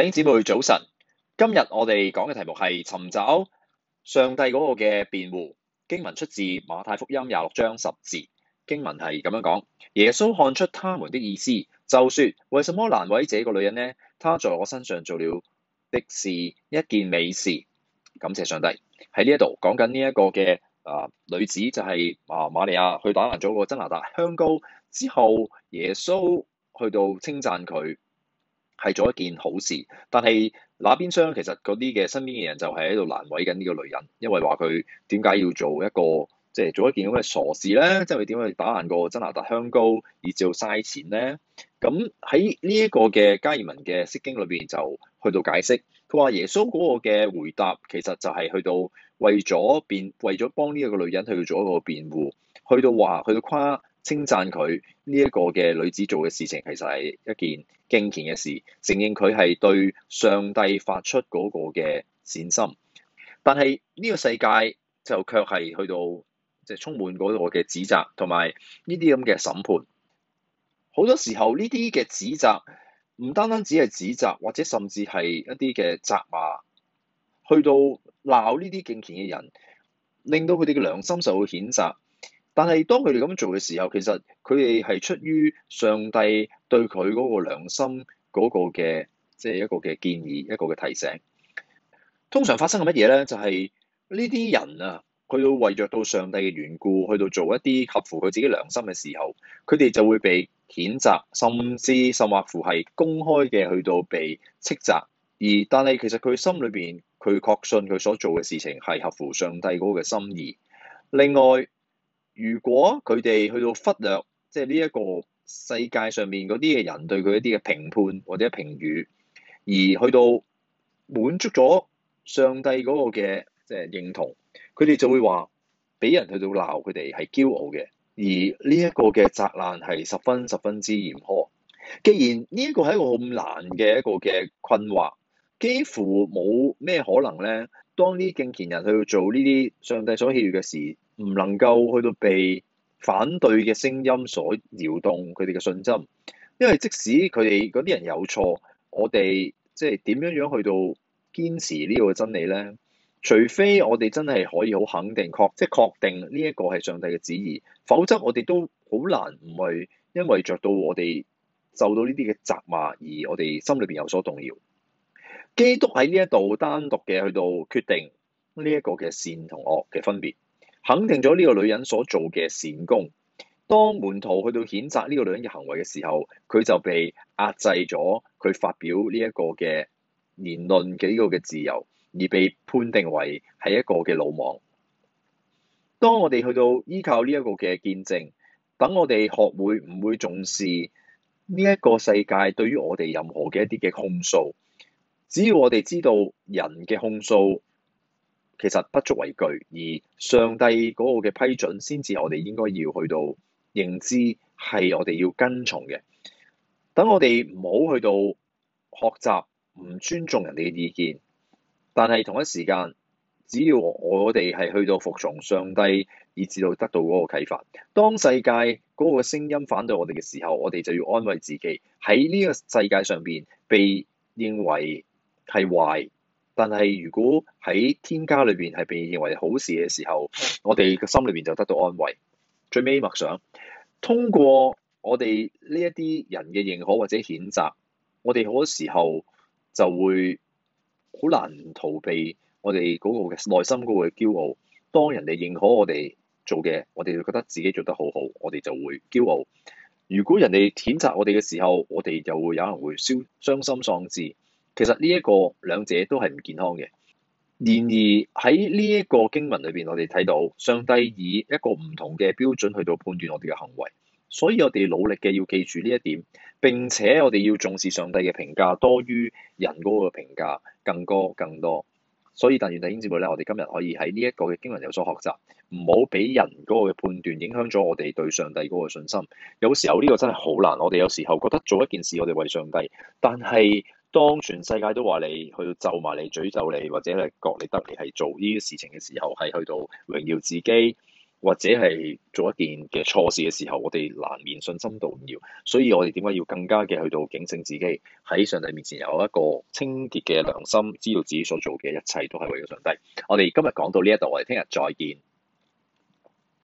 弟兄姊妹早晨，今日我哋講嘅題目係尋找上帝嗰個嘅辯護。經文出自馬太福音廿六章十字，經文係咁樣講： 耶穌看出他們的意思，就說：為什麼難為這個女人呢？她在我身上做了的是一件美事，感謝上帝。喺呢一度講緊呢一個嘅啊、呃、女子、就是，就係啊瑪利亞去打爛咗個真拿大香膏之後，耶穌去到稱讚佢。係做一件好事，但係那邊廂其實嗰啲嘅身邊嘅人就係喺度難為緊呢個女人，因為話佢點解要做一個即係、就是、做一件咁嘅傻事咧？即係點解打爛個真哪噠香膏而照到嘥錢咧？咁喺呢一個嘅加爾文嘅《釋經》裏邊就去到解釋，佢話耶穌嗰個嘅回答其實就係去到為咗辯，為咗幫呢個女人去做一個辯護，去到話去到誇。稱讚佢呢一個嘅女子做嘅事情，其實係一件敬虔嘅事，承認佢係對上帝發出嗰個嘅善心。但係呢個世界就卻係去到即係充滿嗰個嘅指責，同埋呢啲咁嘅審判。好多時候呢啲嘅指責唔單單只係指責，或者甚至係一啲嘅責罵，去到鬧呢啲敬虔嘅人，令到佢哋嘅良心受到譴責。但係，當佢哋咁做嘅時候，其實佢哋係出於上帝對佢嗰個良心嗰個嘅，即、就、係、是、一個嘅建議，一個嘅提醒。通常發生嘅乜嘢咧？就係呢啲人啊，佢到為著到上帝嘅緣故，去到做一啲合乎佢自己良心嘅時候，佢哋就會被譴責，甚至甚或乎係公開嘅去到被斥責。而但係，其實佢心裏邊佢確信佢所做嘅事情係合乎上帝嗰個嘅心意。另外，如果佢哋去到忽略，即係呢一個世界上面嗰啲嘅人對佢一啲嘅評判或者評語，而去到滿足咗上帝嗰個嘅即係認同，佢哋就會話俾人去到鬧佢哋係驕傲嘅，而呢一個嘅責難係十分十分之嚴苛。既然呢一個係一個好難嘅一個嘅困惑，幾乎冇咩可能咧。當呢啲敬虔人去做呢啲上帝所喜悅嘅事。唔能夠去到被反對嘅聲音所搖動佢哋嘅信心，因為即使佢哋嗰啲人有錯，我哋即係點樣樣去到堅持呢個真理咧？除非我哋真係可以好肯定，確，即係確定呢一個係上帝嘅旨意，否則我哋都好難唔係因為着到我哋受到呢啲嘅責罵，而我哋心裏邊有所動搖。基督喺呢一度單獨嘅去到決定呢一個嘅善同惡嘅分別。肯定咗呢個女人所做嘅善工。當門徒去到譴責呢個女人嘅行為嘅時候，佢就被壓制咗佢發表呢一個嘅言論嘅呢個嘅自由，而被判定為係一個嘅魯莽。當我哋去到依靠呢一個嘅見證，等我哋學會唔會重視呢一個世界對於我哋任何嘅一啲嘅控訴，只要我哋知道人嘅控訴。其實不足為據，而上帝嗰個嘅批准先至，我哋應該要去到認知係我哋要跟從嘅。等我哋唔好去到學習唔尊重人哋嘅意見，但係同一時間，只要我哋係去到服從上帝，以至到得到嗰個啟發。當世界嗰個聲音反對我哋嘅時候，我哋就要安慰自己喺呢個世界上邊被認為係壞。但係，如果喺天家裏邊係被認為好事嘅時候，我哋嘅心裏邊就得到安慰。最尾默想，通過我哋呢一啲人嘅認可或者譴責，我哋好多時候就會好難逃避我哋嗰個嘅內心嗰個驕傲。當人哋認可我哋做嘅，我哋就覺得自己做得好好，我哋就會驕傲。如果人哋譴責我哋嘅時候，我哋就會有人會傷傷心喪志。其實呢一個兩者都係唔健康嘅。然而喺呢一個經文裏邊，我哋睇到上帝以一個唔同嘅標準去到判斷我哋嘅行為，所以我哋努力嘅要記住呢一點，並且我哋要重視上帝嘅評價多於人嗰個評價更多更多。所以但願弟兄姊妹咧，我哋今日可以喺呢一個嘅經文有所學習，唔好俾人嗰個嘅判斷影響咗我哋對上帝嗰個信心。有時候呢個真係好難，我哋有時候覺得做一件事我哋為上帝，但係。當全世界都話你去到咒埋你咀咒你，或者係覺你得，你係做呢啲事情嘅時候，係去到榮耀自己，或者係做一件嘅錯事嘅時候，我哋難免信心動搖。所以我哋點解要更加嘅去到警醒自己，喺上帝面前有一個清潔嘅良心，知道自己所做嘅一切都係為咗上帝。我哋今日講到呢一度，我哋聽日再見。